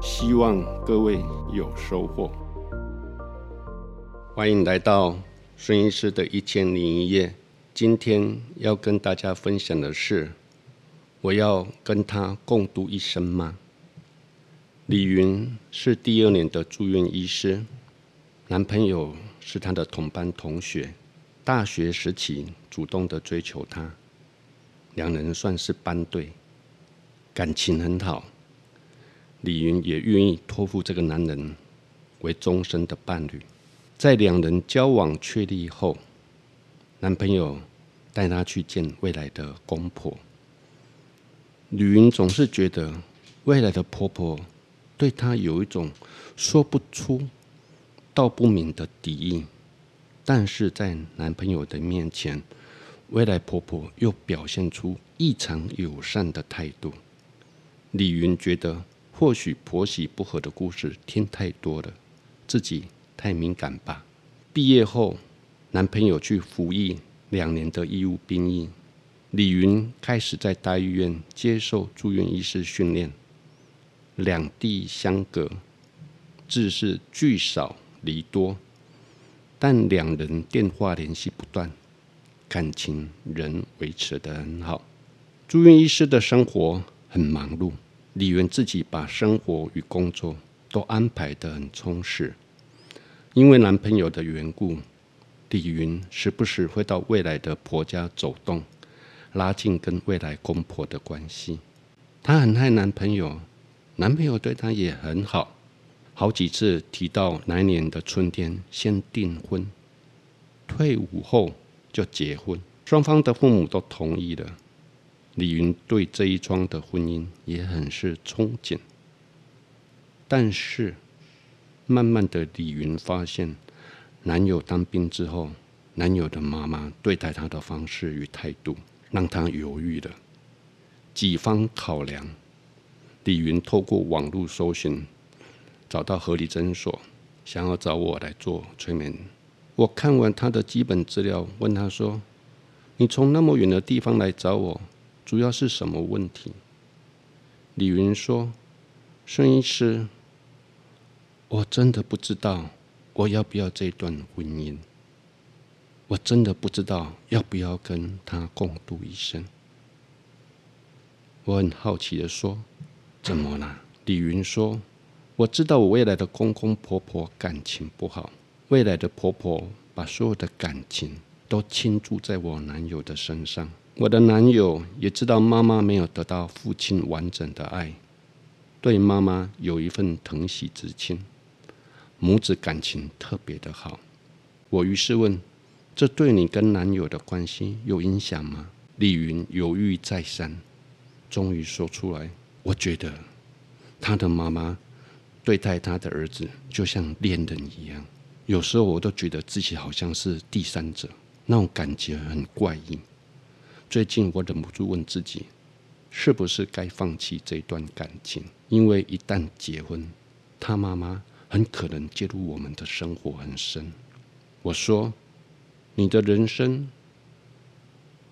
希望各位有收穫。歡迎來到孫醫師的一千零一夜。今天要跟大家分享的是，我要跟他共度一生嗎？李云是第二年的住院醫師，男朋友是他的同班同學，大學時期主動的追求他，兩人算是班對，感情很好。李云也願意托付這個男人為終身的伴侶。在兩人交往確立後，男朋友帶她去見未來的公婆。李云總是覺得未來的婆婆對她有一種說不出、道不明的敵意，但是在男朋友的面前，未來婆婆又表現出異常友善的態度。李云覺得，或許婆媳不和的故事聽太多了，自己太敏感吧。畢業後，男朋友去服役兩年的義務兵役，李云開始在大醫院接受住院醫師訓練。兩地相隔，自是聚少離多，但兩人電話聯繫不斷，感情仍維持得很好。住院醫師的生活很忙碌。李雲自己把生活與工作都安排得很充實，因為男朋友的緣故，李雲時不時會到未來的婆家走動，拉近跟未來公婆的關係。她很愛男朋友，男朋友對她也很好，好幾次提到來年的春天先訂婚，退伍後就結婚，雙方的父母都同意了。李云對這一樁的婚姻也很是憧憬，但是慢慢的，李云發現男友當兵之後，男友的媽媽對待他的方式與態度，讓他猶豫了。幾方考量，李云透過網絡搜尋，找到合理診所，想要找我來做催眠。我看完他的基本資料，問他說：“你從那麼遠的地方來找我？”主要是什麼問題？李云說：“孫醫師，我真的不知道我要不要這段婚姻，我真的不知道要不要跟他共度一生。”我很好奇的說：“怎麼了？”李云說：“我知道我未來的公公婆婆感情不好，未來的婆婆把所有的感情都傾注在我男友的身上。”我的男友也知道媽媽沒有得到父親完整的愛，對媽媽有一份疼惜之情，母子感情特別的好。我於是問：“這對你跟男友的關係有影響嗎？”李云猶豫再三，終於說出來：“我覺得他的媽媽對待他的兒子就像戀人一樣，有時候我都覺得自己好像是第三者，那種感覺很怪異。”最近我忍不住問自己，是不是該放棄這段感情？因為一旦結婚，他媽媽很可能介入我們的生活很深。我說，你的人生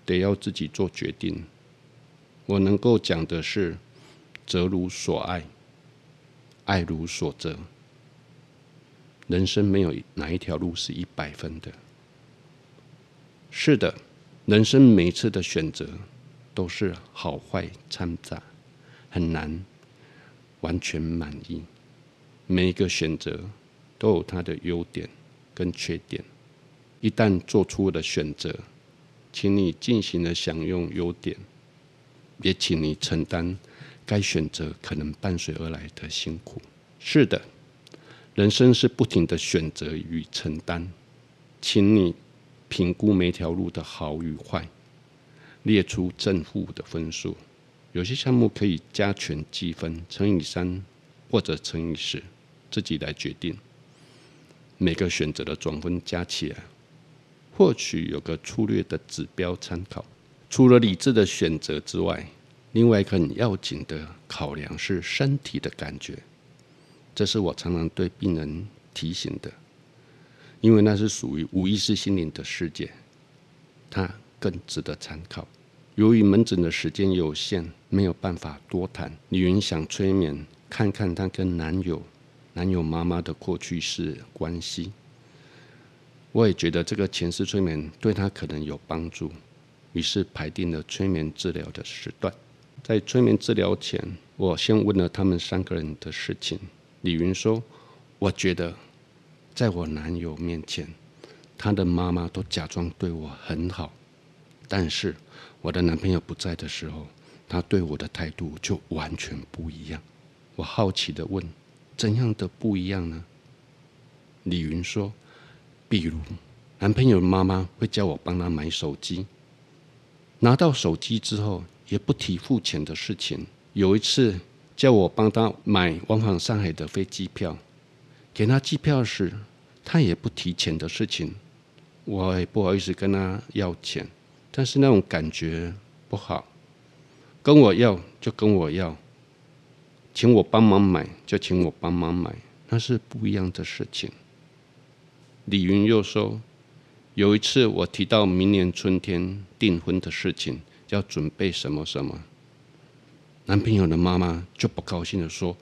得要自己做決定。我能夠講的是，擇如所愛，愛如所擇。人生沒有哪一條路是一百分的。是的。人生每一次的選擇都是好壞摻雜，很難完全滿意。每一個選擇都有它的優點跟缺點。一旦做出了選擇，請你盡情的享用優點，也請你承擔該選擇可能伴隨而來的辛苦。是的，人生是不停的選擇與承擔，請你。評估每條路的好與壞，列出正負的分數。有些項目可以加權計分，乘以三或者乘以十，自己來決定。每個選擇的總分加起來，或許有個粗略的指標參考。除了理智的選擇之外，另外一個很要緊的考量是身體的感覺。這是我常常對病人提醒的。因為那是屬於無意識心靈的世界，它更值得參考。由於門診的時間有限，沒有辦法多談。李雲想催眠，看看她跟男友、男友媽媽的過去世關係。我也覺得這個前世催眠對她可能有幫助，於是排定了催眠治療的時段。在催眠治療前，我先問了他們三個人的事情。李雲說：“我覺得。”在我男友面前，他的媽媽都假裝對我很好，但是我的男朋友不在的時候，他對我的態度就完全不一樣。我好奇地問：“怎樣的不一樣呢？”李云說：“比如，男朋友媽媽會叫我幫他買手機，拿到手機之後也不提付錢的事情。有一次叫我幫他買往返上海的飛機票，給他機票時。”他也不提錢的事情，我也不好意思跟他要錢，但是那種感覺不好。跟我要就跟我要，請我幫忙買就請我幫忙買，那是不一樣的事情。李云又說，有一次我提到明年春天訂婚的事情要準備什麼什麼，男朋友的媽媽就不高興地說：“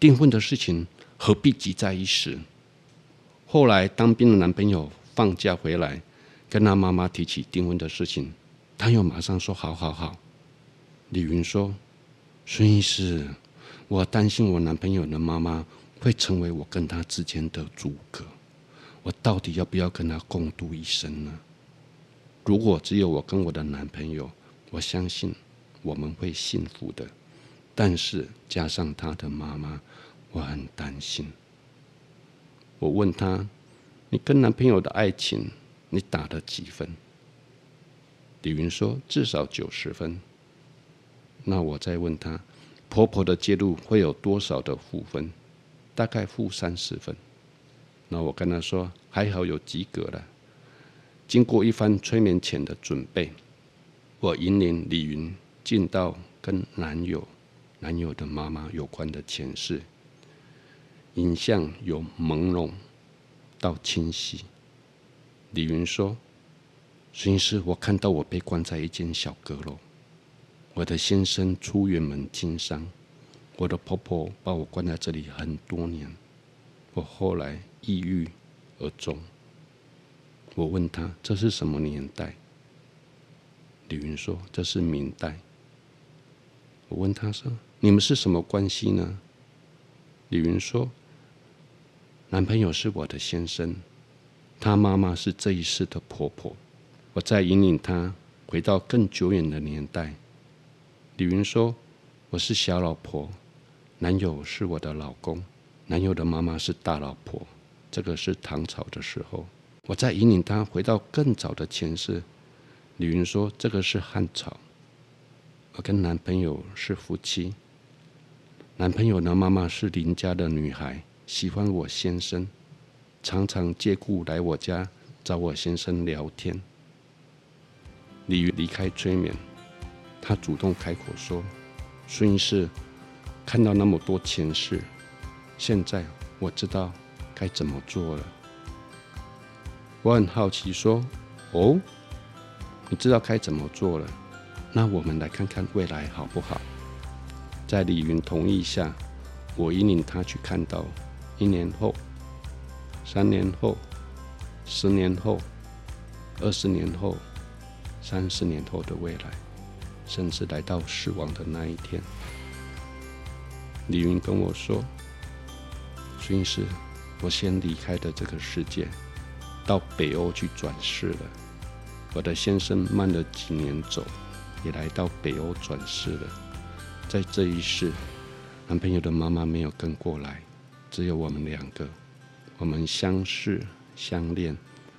訂婚的事情何必急在一時。”後來，當兵的男朋友放假回來，跟他媽媽提起訂婚的事情，他又馬上說：“好好好。”李云說：“孫醫師，我擔心我男朋友的媽媽會成為我跟他之間的阻隔，我到底要不要跟他共度一生呢？如果只有我跟我的男朋友，我相信我們會幸福的。但是加上他的媽媽，我很擔心。”我問她：“你跟男朋友的愛情，你打了幾分？”李雲說：“至少九十分。”那我再問她：“婆婆的介入會有多少的負分？大概負三十分。”那我跟她說：“還好有及格了。”經過一番催眠前的準備，我引領李雲進到跟男友、男友的媽媽有關的前世。影像由朦朧到清晰。李云說：“孫師，我看到我被關在一間小閣樓，我的先生出遠門經商，我的婆婆把我關在這裡很多年，我後來抑鬱而終。”我問他：“這是什麼年代？”李云說：“這是明代。”我問他說：“你們是什麼關係呢？”李云說。男朋友是我的先生，他媽媽是這一世的婆婆。我在引領他回到更久遠的年代。李云說：“我是小老婆，男友是我的老公，男友的媽媽是大老婆。”這個是唐朝的時候，我在引領他回到更早的前世。李云說：“這個是漢朝，我跟男朋友是夫妻。男朋友的媽媽是鄰家的女孩。”喜歡我先生，常常借故來我家找我先生聊天。李云離開催眠，他主動開口說：“孫醫師，看到那麼多前世，現在我知道該怎麼做了。”我很好奇說：“哦，你知道該怎麼做了？那我們來看看未來好不好？”在李云同意下，我引領他去看到。一年後，三年後，十年後，二十年後，三十年後的未來，甚至來到死亡的那一天，李雲跟我說：“孫醫師，我先離開的這個世界，到北歐去轉世了。我的先生慢了幾年走，也來到北歐轉世了。在這一世，男朋友的媽媽沒有跟過來。”只有我們兩個，我們相識、相戀、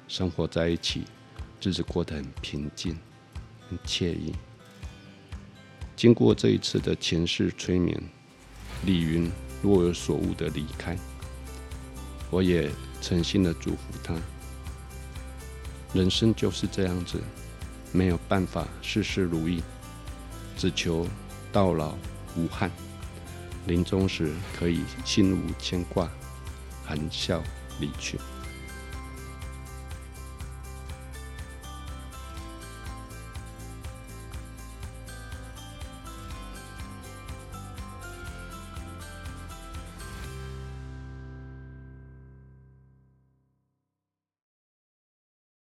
生活在一起，日子過得很平靜、很愜意。經過這一次的前世催眠，李雲若有所悟的離開，我也誠心的祝福他。人生就是這樣子，沒有辦法事事如意，只求到老無憾。臨終時可以心無牽掛，含笑離去。